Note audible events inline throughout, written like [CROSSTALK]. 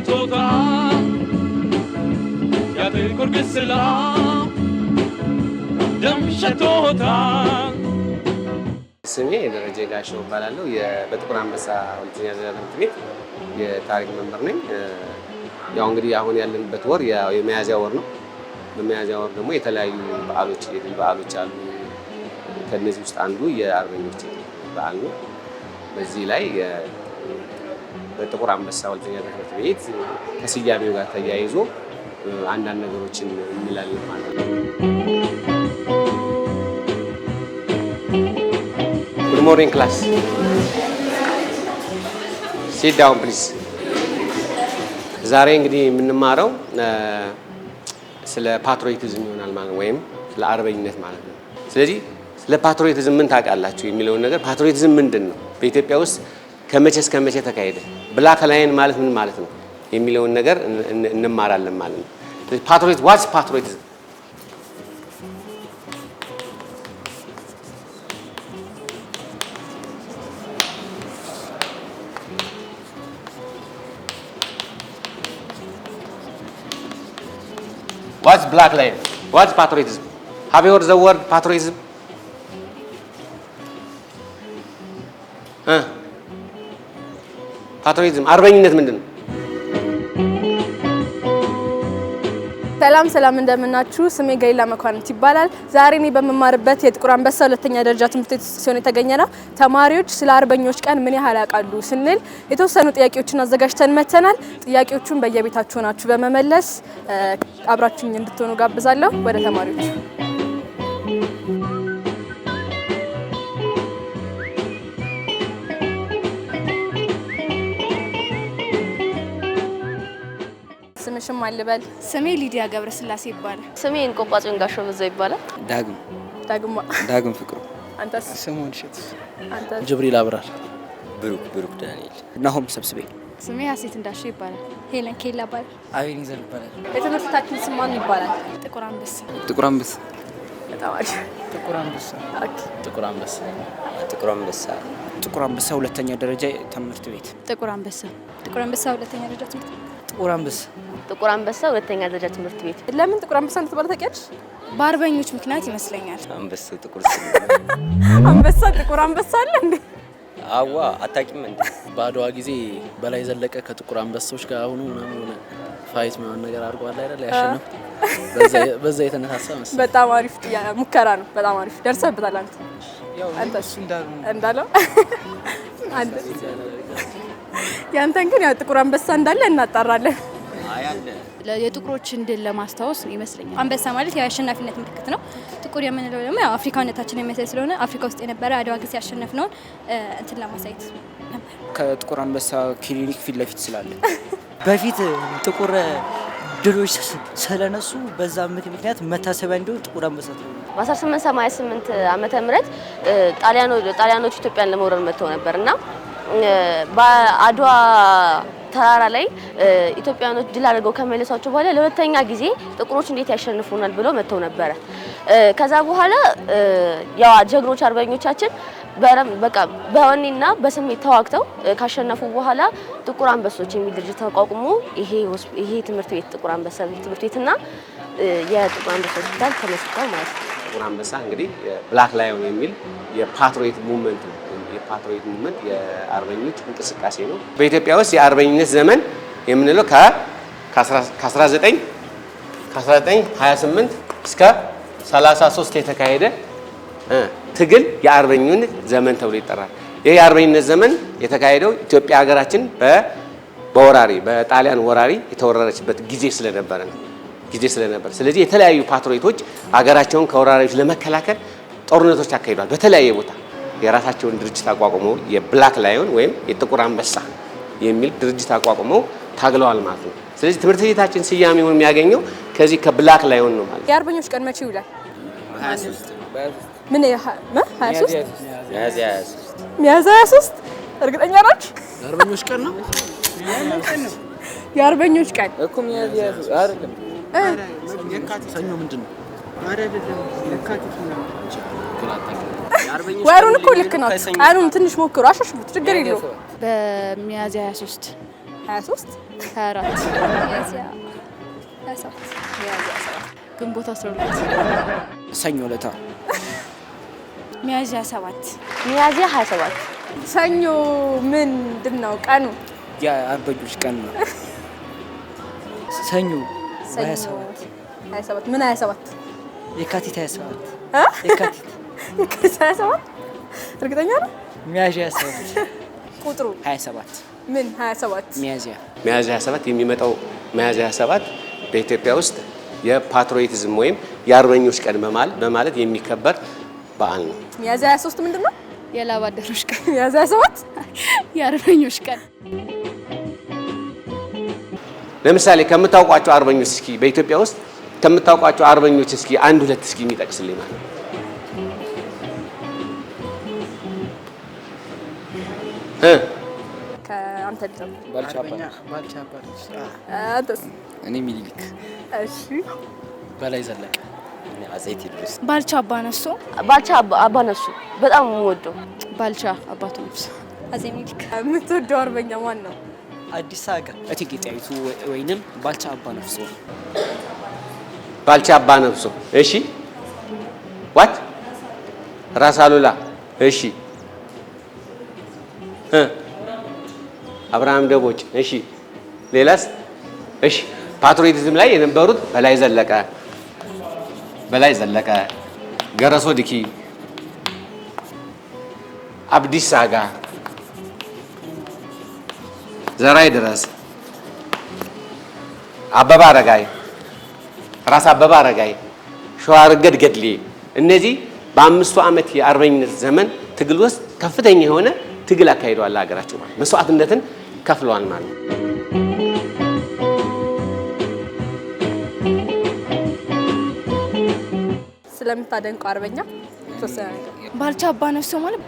አብዝቶታ ያ ጥቁር ግስላ ደም ሸቶታ። ስሜ ደረጀ ጋሻው እባላለሁ። በጥቁር አንበሳ ሁለተኛ ደረጃ ትምህርት ቤት የታሪክ መምህር ነኝ። ያው እንግዲህ አሁን ያለንበት ወር የሚያዝያ ወር ነው። በሚያዝያ ወር ደግሞ የተለያዩ በዓሎች የድል በዓሎች አሉ። ከእነዚህ ውስጥ አንዱ የአርበኞች በዓል ነው። በዚህ ላይ በጥቁር አንበሳ ሁለተኛ ትምህርት ቤት ከስያሜው ጋር ተያይዞ አንዳንድ ነገሮችን እንላለን ማለት ነው። ጉድ ሞርኒንግ ክላስ ሲት ዳውን ፕሊዝ። ዛሬ እንግዲህ የምንማረው ስለ ፓትሮይቲዝም ይሆናል ማለት ወይም ስለ አርበኝነት ማለት ነው። ስለዚህ ስለ ፓትሮይቲዝም ምን ታውቃላችሁ የሚለውን ነገር ፓትሮይቲዝም ምንድን ነው በኢትዮጵያ ውስጥ ከመቼ እስከ መቼ ተካሄደ፣ ብላክ ላይን ማለት ምን ማለት ነው የሚለውን ነገር እንማራለን ማለት ነው። ፓትሮይት ዋስ ፓትሮይት ዋስ ብላክ ላይን ዋስ ፓትሪዮቲዝም ሃቭ ዩ ሄርድ ዘ ወርድ ፓትሪዮቲዝም ፓትሪዮቲዝም አርበኝነት ምንድን ነው? ሰላም ሰላም እንደምናችሁ። ስሜ ገሊላ መኳንንት ይባላል። ዛሬ እኔ በምማርበት የጥቁር አንበሳ ሁለተኛ ደረጃ ትምህርት ቤት ሲሆን የተገኘ ነው። ተማሪዎች ስለ አርበኞች ቀን ምን ያህል ያውቃሉ ስንል የተወሰኑ ጥያቄዎችን አዘጋጅተን መተናል። ጥያቄዎቹን በየቤታችሁ ሆናችሁ በመመለስ አብራችሁኝ እንድትሆኑ ጋብዛለሁ። ወደ ተማሪዎች ማን ልበል? ስሜ ሊዲያ ገብረስላሴ ይባላል። ስሜ እንቆጳጭ ንጋሾ በዛ ይባላል። ዳግም ዳግማ ዳግም ፍቅሩ። አንተስ? ስሙን ሽት አንተስ? ጅብሪል አብራር። ብሩክ ብሩክ ዳንኤል። ናሆም ሰብስቤ። ስሜ ሀሴት እንዳሸ ይባላል። ሄለን ኬላ ይባላል። አቤኒዘር ይባላል። የትምህርታችን ስም ማን ይባላል? ጥቁር አንበሳ ጥቁር አንበሳ ጥቁር አንበሳ ጥቁር አንበሳ ጥቁር አንበሳ ጥቁር አንበሳ ሁለተኛ ደረጃ ትምህርት ቤት ጥቁር አንበሳ ጥቁር አንበሳ ሁለተኛ ደረጃ ትምህርት ቤት ጥቁር አንበሳ ጥቁር አንበሳ ሁለተኛ ደረጃ ትምህርት ቤት። ለምን ጥቁር አንበሳ እንደተባለ ታውቂያለሽ? በአርበኞች ምክንያት ይመስለኛል። አንበሳ ጥቁር አንበሳ ጥቁር አንበሳ አለ እንዴ? አዋ አታውቂም እንዴ? በአድዋ ጊዜ በላይ ዘለቀ ከጥቁር አንበሳዎች ጋር ሆኖ ምናምን ሆነ ፋይት ምናምን ነገር አድርጓል አይደል? ያሸነፍ በዛ የተነሳሳ መሰለኝ። በጣም አሪፍ ሙከራ ነው። በጣም አሪፍ ደርሰብታል። አንተ እንዳለው ያንተን ግን ያው ጥቁር አንበሳ እንዳለ እናጣራለን። የጥቁሮች እንድን ለማስታወስ ይመስለኛል። አንበሳ ማለት የአሸናፊነት ምልክት ነው። ጥቁር የምንለው ደግሞ አፍሪካነታችን የሚያሳይ ስለሆነ አፍሪካ ውስጥ የነበረ አድዋ ጊዜ ያሸነፍነውን እንትን ለማሳየት ነበር። ከጥቁር አንበሳ ክሊኒክ ፊት ለፊት ስላለ በፊት ጥቁር ድሎች ስለነሱ በዛ ምክንያት መታሰቢያ እንዲሆን ጥቁር አንበሳ በ1888 ዓመተ ምህረት ጣሊያኖች ኢትዮጵያን ለመውረር መጥተው ነበር እና በአድዋ ተራራ ላይ ኢትዮጵያኖች ድል አድርገው ከመለሷቸው በኋላ ለሁለተኛ ጊዜ ጥቁሮች እንዴት ያሸንፉናል ብለው መጥተው ነበረ። ከዛ በኋላ ያው ጀግኖች አርበኞቻችን በቃ በወኔና በስሜት ተዋግተው ካሸነፉ በኋላ ጥቁር አንበሶች የሚል ድርጅት ተቋቁሞ ይሄ ትምህርት ቤት ጥቁር አንበሳ ትምህርት ቤትና የጥቁር አንበሳ ሆስፒታል ተመስርተው ማለት ነው። ጥቁር አንበሳ እንግዲህ ብላክ ላይን የሚል የፓትሪዮት ሙቭመንት ነው። የፓትሮይት ሙቭመንት የአርበኞች እንቅስቃሴ ነው። በኢትዮጵያ ውስጥ የአርበኝነት ዘመን የምንለው ከ1928 እስከ 33 የተካሄደ ትግል የአርበኝነት ዘመን ተብሎ ይጠራል። ይህ የአርበኝነት ዘመን የተካሄደው ኢትዮጵያ ሀገራችን በወራሪ በጣሊያን ወራሪ የተወረረችበት ጊዜ ስለነበረ ነው ጊዜ ስለነበር ስለዚህ የተለያዩ ፓትሮይቶች አገራቸውን ከወራሪዎች ለመከላከል ጦርነቶች አካሂዷል በተለያየ ቦታ የራሳቸውን ድርጅት አቋቁመው የብላክ ላዮን ወይም የጥቁር አንበሳ የሚል ድርጅት አቋቁመው ታግለዋል ማለት ነው። ስለዚህ ትምህርት ቤታችን ስያሜውን የሚያገኘው ከዚህ ከብላክ ላዮን ነው ማለት ነው። የአርበኞች ቀን መቼ ይውላል? ምን ሚያዝያ 23 እርግጠኛ ናችሁ? የአርበኞች ቀን ነው። የአርበኞች ቀን እኮ ሰኞ ምንድን ነው? ወሩን እኮ ልክ ነው። አይኑን ትንሽ ሞክሩ፣ አሻሽቡት፣ ችግር የለውም። በሚያዝያ 23 23 24 ግንቦት 12 ሰኞ ለታ ሚያዝያ 7 ሚያዝያ 27 ሰኞ ምንድን ነው ቀኑ? የአርበኞች ቀን ነው። ሰኞ 27 ምን 27 የካቲት 27 የካቲት [LAUGHS] የካቲት 27 እርግጠኛ ነው። ሚያዝያ 27 [LAUGHS] ቁጥሩ 27 ምን 27 ሚያዚያ ሚያዝያ 27 የሚመጣው ሚያዝያ 27 በኢትዮጵያ ውስጥ የፓትሪዮቲዝም ወይም የአርበኞች ቀን በማለት የሚከበር በዓል ነው። ሚያዚያ 23 ምንድን ነው? የላብ አደሮች ቀን። [LAUGHS] ሚያዝያ 27 የአርበኞች ቀን። ለምሳሌ ከምታውቋቸው አርበኞች እስኪ በኢትዮጵያ ውስጥ ከምታውቋቸው አርበኞች እስኪ አንድ ሁለት እስኪ የሚጠቅስልኝ ማለት ነው። እኔ ሚኒሊክ፣ በላይ ዘለቀ፣ አፄ ቴዎድሮስ፣ ባልቻ አባ ባልቻ አባ በጣም የምወደው ባልቻ አፄ ሚኒሊክ። የምትወደው አርበኛ ማን ነው? አዲስ አገር እቴጌ ጣይቱ ወይንም ባልቻ አባ ነፍሶ ባልቻ አባ ነብሶ እሺ፣ ዋት ራስ አሉላ እሺ፣ አብርሃም ደቦጭ እሺ፣ ሌላስ? እሺ፣ ፓትሪዮቲዝም ላይ የነበሩት በላይ ዘለቀ በላይ ዘለቀ፣ ገረሶ ድኪ፣ አብዲስ አጋ፣ ዘራይ ድረስ፣ አበባ አረጋይ ራስ አበባ አረጋይ፣ ርገድ ገድሌ እነዚህ በአምስቱ ዓመት የአርበኝነት ዘመን ትግል ውስጥ ከፍተኛ የሆነ ትግል አካሂደዋል። ሀገራቸው ማለት መስዋዕትነትን ከፍለዋል ማለት ነው። ስለምታደንቀው አርበኛ ባልቻ ነፍሶ ማለት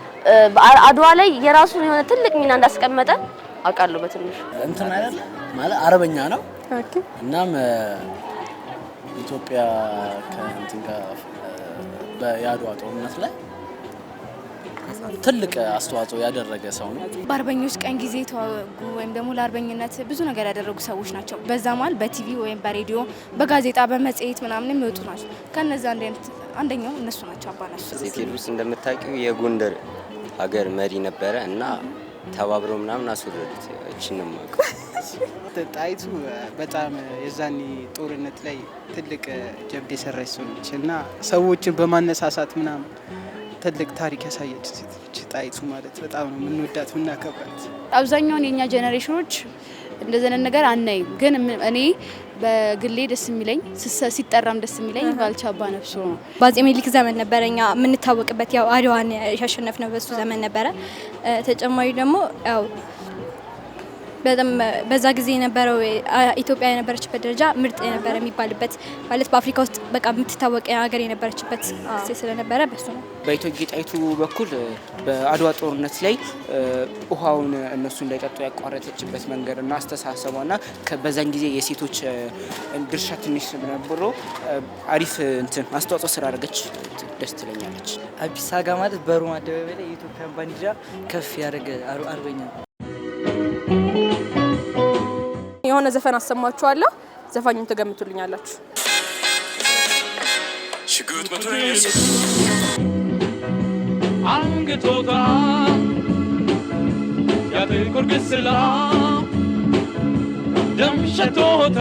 አድዋ ላይ የራሱን የሆነ ትልቅ ሚና እንዳስቀመጠ አውቃለሁ። በትንሽ እንትን አይደለ ማለት አርበኛ ነው። እናም ኢትዮጵያ ከእንትን ጋር የአድዋ ጦርነት ላይ ትልቅ አስተዋጽኦ ያደረገ ሰው ነው። በአርበኞች ቀን ጊዜ ተዋጉ ወይም ደግሞ ለአርበኝነት ብዙ ነገር ያደረጉ ሰዎች ናቸው። በዛ መሀል በቲቪ ወይም በሬዲዮ፣ በጋዜጣ፣ በመጽሔት ምናምን የሚወጡ ናቸው። ከነዚ አንደኛው እነሱ ናቸው። አባናቸው ቴዎድሮስ እንደምታውቂው የጎንደር ሀገር መሪ ነበረ እና ተባብረው ምናምን አስወረዱት። እችንም ጣይቱ በጣም የዛኔ ጦርነት ላይ ትልቅ ጀብድ የሰራች ሰው ነች እና ሰዎችን በማነሳሳት ምናምን ትልቅ ታሪክ ያሳየች ሴት ጣይቱ ማለት በጣም ነው የምንወዳት የምናከብራት። አብዛኛውን የእኛ ጀኔሬሽኖች እንደዚህ አይነት ነገር አናይም። ግን እኔ በግሌ ደስ የሚለኝ ሲጠራም ደስ የሚለኝ ባልቻባ ነፍሶ ነው። በአጼ ምኒልክ ዘመን ነበረ እኛ የምንታወቅበት ያው አድዋን ያሸነፍነው በሱ ዘመን ነበረ። ተጨማሪ ደግሞ ያው በጣም በዛ ጊዜ የነበረው ኢትዮጵያ የነበረችበት ደረጃ ምርጥ የነበረ የሚባልበት ማለት በአፍሪካ ውስጥ በቃ የምትታወቅ ሀገር የነበረችበት ጊዜ ስለነበረ በሱ ነው። በእቴጌ ጣይቱ በኩል በአድዋ ጦርነት ላይ ውሃውን እነሱ እንዳይጠጡ ያቋረጠችበት መንገድ እና አስተሳሰቧ አስተሳሰቧና በዛን ጊዜ የሴቶች ድርሻ ትንሽ ነበሮ አሪፍ እንትን አስተዋጽኦ ስላደረገች ደስ ትለኛለች። አዲስ አበባ ማለት በሮም አደባባይ ላይ የኢትዮጵያን ባንዲራ ከፍ ያደረገ አርበኛ ነው። የሆነ ዘፈን አሰማችኋለሁ። ዘፋኙን ትገምቱልኛላችሁ። አንግቶታ ያተቆርግስላ ደምሸቶታ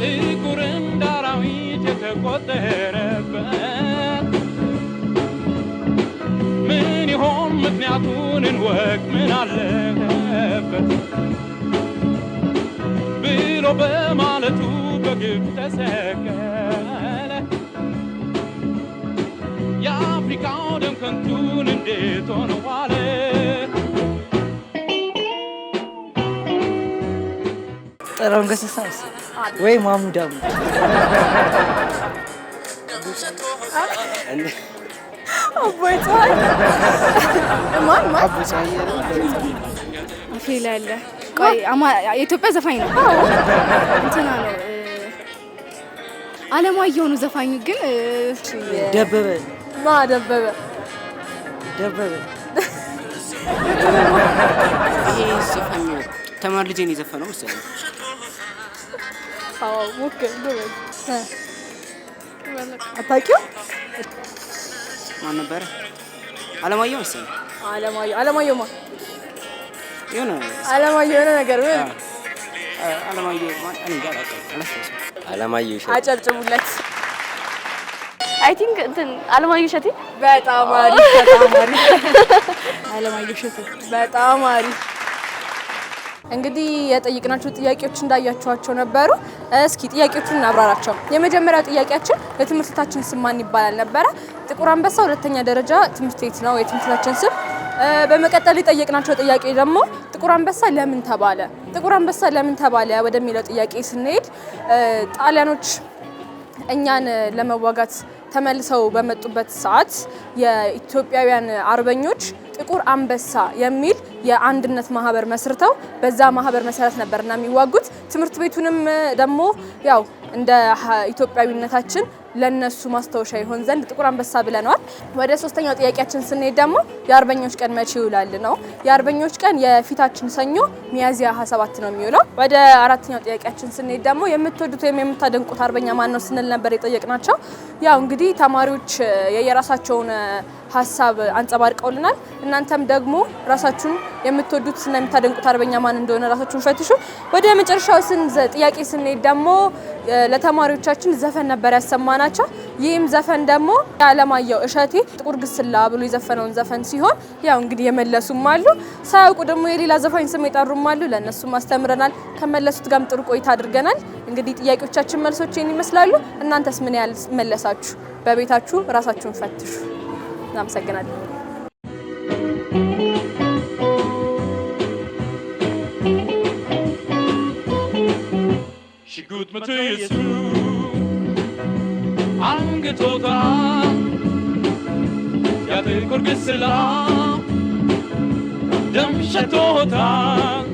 ጥቁር እንዳራዊት የተቆጠረበት ምን ይሆን ምክንያቱን እንወቅ ምናለ ተሰቀለ። የአፍሪካው ደም ከንቱን እንዴት ሆነ ዋለ? ጥሩን ገሰሳስ ወይ ማሙዳሙ አፌ ላይ አለ። ቆይ የኢትዮጵያ ዘፋኝ ነው አለማየሁ ነው ዘፋኝ ግን ደበበ ማ ደበበ ደበበ ይሄ ልጄ ነው የዘፈነው መሰለኝ። አታውቂውም? ማን ነበረ? አለማየሁ መሰለኝ። አለማየሁ አለማየሁ ማ የሆነ አለማየሁ የሆነ ነገር አለማየሁ አለማየሁ እሸቴ አጨብጭቡለት። አይ ቲንክ እንትን አለማየሁ እሸቴ በጣም አሪፍ በጣም አሪፍ [LAUGHS] አለማየሁ እሸቴ በጣም አሪፍ። እንግዲህ የጠየቅናቸው ጥያቄዎች እንዳያችኋቸው ነበሩ። እስኪ ጥያቄዎቹን እናብራራቸው። የመጀመሪያው ጥያቄያችን የትምህርት ስም ማን ይባላል ነበረ? ጥቁር አንበሳ ሁለተኛ ደረጃ ትምህርት ቤት ነው የትምህርታችን ስም በመቀጠል የጠየቅናቸው ጥያቄ ደግሞ ጥቁር አንበሳ ለምን ተባለ፣ ጥቁር አንበሳ ለምን ተባለ ወደሚለው ጥያቄ ስንሄድ ጣሊያኖች እኛን ለመዋጋት ተመልሰው በመጡበት ሰዓት የኢትዮጵያውያን አርበኞች ጥቁር አንበሳ የሚል የአንድነት ማህበር መስርተው በዛ ማህበር መሰረት ነበርና የሚዋጉት። ትምህርት ቤቱንም ደግሞ ያው እንደ ኢትዮጵያዊነታችን ለነሱ ማስታወሻ ይሆን ዘንድ ጥቁር አንበሳ ብለነዋል። ወደ ሶስተኛው ጥያቄያችን ስንሄድ ደግሞ የአርበኞች ቀን መቼ ይውላል ነው። የአርበኞች ቀን የፊታችን ሰኞ ሚያዝያ 27 ነው የሚውለው። ወደ አራተኛው ጥያቄያችን ስንሄድ ደግሞ የምትወዱት ወይም የምታደንቁት አርበኛ ማን ነው ስንል ነበር የጠየቅናቸው። ያው እንግዲህ ተማሪዎች የየራሳቸውን ሀሳብ አንጸባርቀውልናል። እናንተም ደግሞ ራሳችሁን የምትወዱት እና የምታደንቁት አርበኛ ማን እንደሆነ ራሳችሁን ፈትሹ። ወደ መጨረሻው ጥያቄ ስንሄድ ደግሞ ለተማሪዎቻችን ዘፈን ነበር ያሰማናል። ናቸው። ይህም ዘፈን ደግሞ የአለማየሁ እሸቴ ጥቁር ግስላ ብሎ የዘፈነውን ዘፈን ሲሆን ያው እንግዲህ የመለሱም አሉ፣ ሳያውቁ ደግሞ የሌላ ዘፋኝ ስም የጠሩም አሉ። ለእነሱም አስተምረናል። ከመለሱት ጋርም ጥሩ ቆይታ አድርገናል። እንግዲህ ጥያቄዎቻችን መልሶችን ይመስላሉ። እናንተስ ምን ያህል መለሳችሁ? በቤታችሁ ራሳችሁን ፈትሹ። እናመሰግናለን። She good, Mathias. ስጦታ ያ ጥቁር ግስላ ደም ሸቶታል